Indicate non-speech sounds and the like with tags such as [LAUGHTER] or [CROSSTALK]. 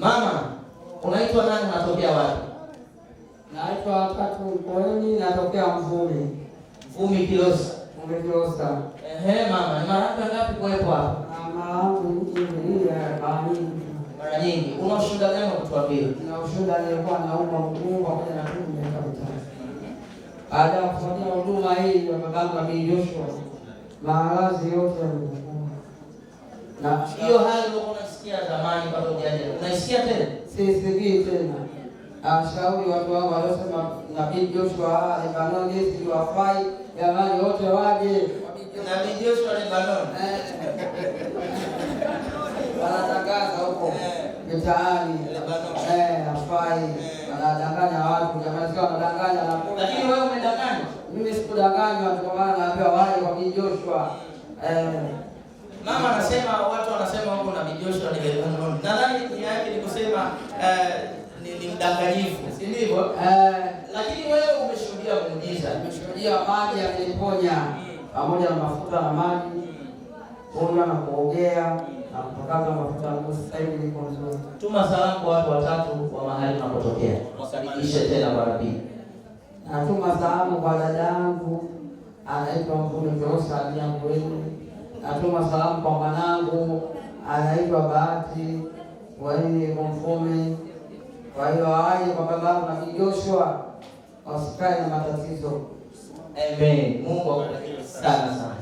Mama, unaitwa nani? Unatokea wapi? Naitwa Katu Mkoeni, natokea Mvumi. Mvumi Kilosa. Mvumi Kilosa. Ehe, mama, ni mara ngapi kuwepo hapa? Mama yangu hii ya bani. Mara nyingi. Una ushuhuda gani wa kutuambia? Na ushuhuda nilikuwa naomba Mungu kuja na Mungu miaka mitatu. Baada ya kufanya huduma hii ya babangu Amini Joshua, maradhi yote yamepungua na hiyo hali ndio unasikia zamani bado hujaja, unaisikia tena, sisikii tena. Ashauri watu wangu waliosema Nabii Joshua ah, Lebanon, hizi siwafai, jamani wote waje Nabii Joshua Lebanon, eh. [LAUGHS] wanatangaza huko eh. mitaani Lebanon, hafai, eh, wanadanganya watu jamani, sio wanadanganya na lakini wewe umedanganya. Mimi sikudanganywa, ndio maana naambiwa waje kwa Joshua eh kama eh, ni mdanganyifu, si ndivyo? Eh, lakini wewe umeshuhudia muujiza, umeshuhudia maji yameniponya, pamoja na mafuta na maji, kunywa na kuogea na kupakaza mafuta ya Mungu. Sasa hivi niko nzuri. Tuma salamu kwa watu watatu wa mahali unapotokea, wasalimishwe tena kwa nabii. Natuma salamu kwa dada yangu anaitwa Mvumi Kirosa aliyangu wenu. Natuma salamu kwa mwanangu anaitwa Bahati wanini mumfumi. Kwa hiyo hayo baba langu na Joshua wasikae na matatizo. Amen. Mungu akubariki sana sana.